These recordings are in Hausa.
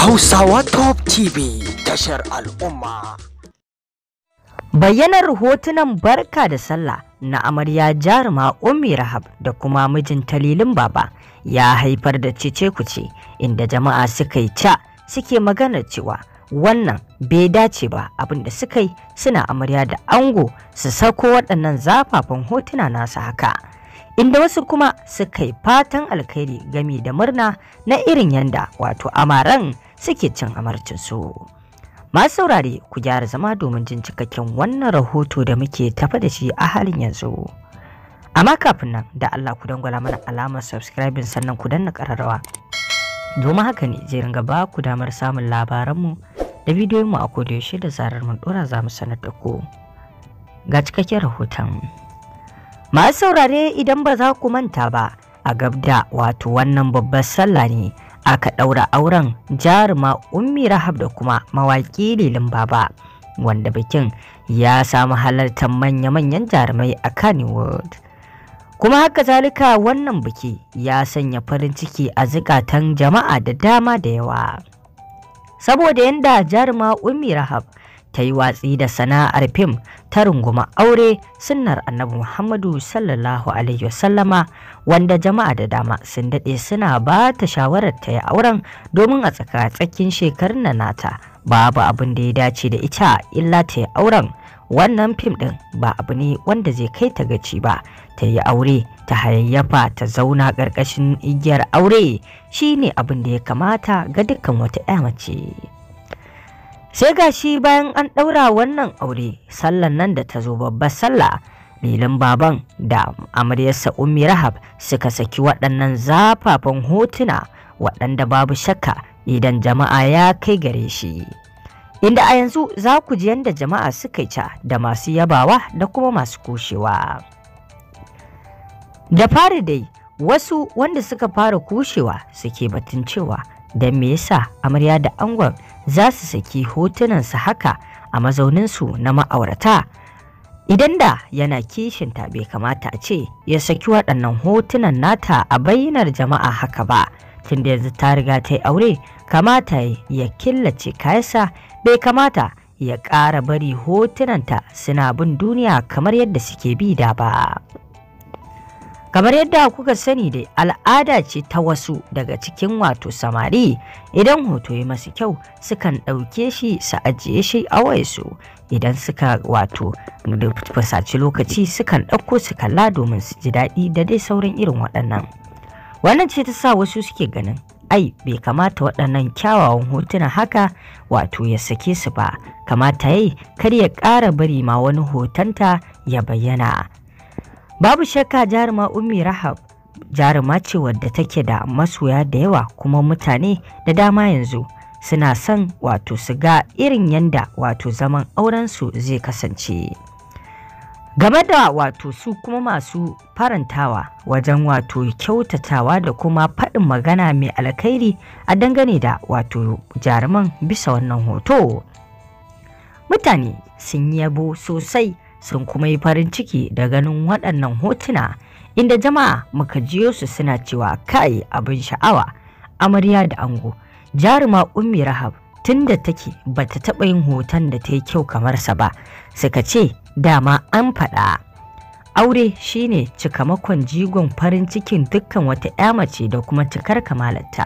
Hausawa Top TV tashar al'umma. Bayyanar hotunan barka da sallah na amarya jaruma Ummi Rahab da kuma mijin talilin baba ya haifar da cece kuce inda jama'a suka yi ca suke magana cewa wannan bai dace ba abinda suka yi suna amarya da ango su sako waɗannan zafafan hotuna nasu haka. inda wasu kuma suka yi fatan alkhairi gami da murna na irin yanda wato amaran suke cin amarcinsu. Masu saurare ku gyara zama domin jin cikakken wannan rahoto da muke tafa da shi a halin yanzu. Amma kafin nan da Allah ku dangwala mana alamar subscribing sannan ku danna ƙararrawa. Domin haka ne zai ringa ba ku damar samun labaranmu da bidiyoyinmu a shi da zarar mun ɗora za mu sanar da ku. Ga cikakken rahoton. Masu saurare idan ba za ku manta ba a gabda wato wannan babbar sallah ne aka ɗaura auren jaruma ummi rahab da kuma mawaƙi lilin baba wanda bikin ya samu halartar manya-manyan jarumai a Kannywood. Kuma haka zalika wannan biki ya sanya farin ciki a zukatan jama'a da dama da yawa. Saboda yadda jaruma Ummi Rahab ta yi watsi da sana'ar fim ta runguma aure sunnar annabi muhammadu sallallahu alaihi wasallama wanda jama'a da dama sun daɗe suna ba ta shawarar ta yi auren domin a tsakatsakin shekarun na nata babu abin da ya dace da ita illa ta yi auren wannan fim ɗin ba abu ne wanda zai kai ta gaci ba ta yi aure ta hayayyafa ta zauna ƙarƙashin igiyar aure shine abin da ya kamata ga dukkan wata 'ya mace sai ga shi bayan an ɗaura wannan aure sallan nan da ta zo babbar sallah lilin baban da amaryarsa ummi rahab suka saki waɗannan zafafan hotuna waɗanda babu shakka idan jama'a ya kai gare shi inda a yanzu za ku ji yadda jama'a suka ca da masu yabawa da kuma masu kushewa da fari dai wasu wanda suka fara kushewa suke batun cewa don me yasa amarya da angon za su saki hotunansu haka a mazauninsu na ma'aurata idan da yana kishinta bai kamata a ce ya saki waɗannan hotunan nata a bayyanar jama'a haka ba tunda yanzu ta riga ta yi aure kamata ya killace kayansa bai kamata ya ƙara bari hotunanta suna bin duniya kamar yadda suke bi da ba kamar yadda kuka sani dai al'ada ce ta wasu daga cikin wato samari idan hoto ya masu kyau sukan ɗauke shi su ajiye shi a wayarsu idan suka wato fasaci lokaci sukan ɗauko su kalla domin su ji daɗi da dai sauran irin waɗannan wannan ce ta sa wasu suke ganin ai bai kamata waɗannan kyawawan hotuna haka wato ya sake su ba kamata yi kar ya ƙara bari ma wani hotonta ya bayyana Babu shakka jaruma Ummi Rahab jaruma ce wadda take da masoya da yawa kuma mutane da dama yanzu suna son wato su ga irin yanda wato zaman aurensu zai kasance. Game da wato su kuma masu farantawa wajen wato kyautatawa da kuma faɗin magana mai alkhairi a dangane da wato jaruman bisa wannan hoto. Mutane sun yabo sosai. sun kuma yi farin ciki da ganin waɗannan hotuna inda jama'a muka jiyo su suna cewa kai abin sha'awa amarya da ango jaruma ummi rahab tun take bata taɓa yin hoton da ta yi kyau kamar sa ba suka ce dama an faɗa aure shine cikamakon jigon farin cikin dukkan wata 'ya mace da kuma cikar kamalarta.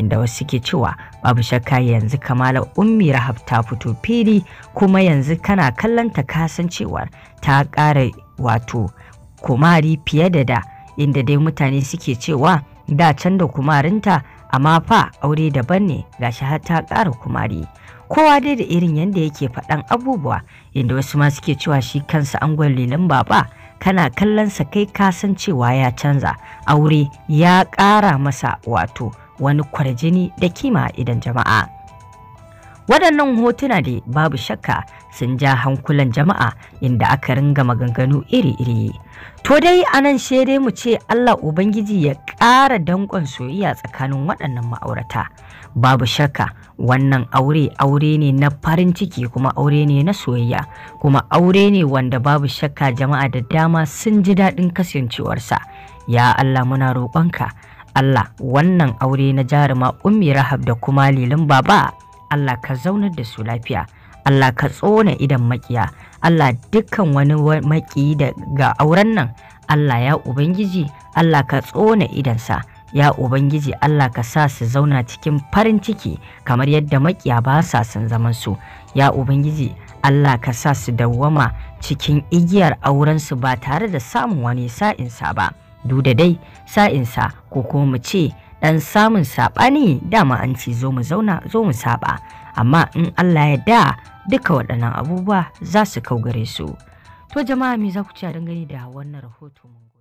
inda wasu ke cewa babu shakka yanzu kamala ummi rahab ta fito fili kuma yanzu kana kallon ta kasancewar ta ƙara wato kumari fiye da da inda dai mutane suke cewa da can da kumarinta amma fa aure daban ne ga shi har ta ƙara kumari kowa dai da irin yadda yake faɗan abubuwa inda wasu ma suke cewa shi kansa angon lilin baba kana kallon sa kai kasancewa ya canza aure ya ƙara masa wato wani kwarjini da kima idan jama'a. Waɗannan hotuna da babu shakka sun ja hankulan jama'a inda aka ringa maganganu iri-iri. To dai a nan dai mu ce Allah Ubangiji ya ƙara danƙon soyayya tsakanin waɗannan ma'aurata. Babu shakka wannan aure aure ne na farin ciki kuma aure ne na soyayya kuma aure ne wanda babu shakka jama'a da dama sun ji daɗin kasancewarsa. Ya Allah muna roƙonka. Allah wannan aure na jaruma ummi rahab da kuma lilin baba Allah ka zaunar da su lafiya Allah ka tsona idan makiya Allah dukkan wani maki daga auren nan Allah ya ubangiji Allah ka tsona idansa ya ubangiji Allah ka sa su zauna cikin farin ciki kamar yadda makiya ba sa son zaman su ya ubangiji Allah ka sa su dawwama cikin igiyar aurensu ba tare da samun wani sa'insa ba du da dai sa'insa ko kuma mu ce dan samun saɓani dama an ce zo mu zauna zo mu saɓa amma in Allah ya da duka waɗannan abubuwa za su kau gare su to jama'a me za ku ci a dangane da wannan rahoto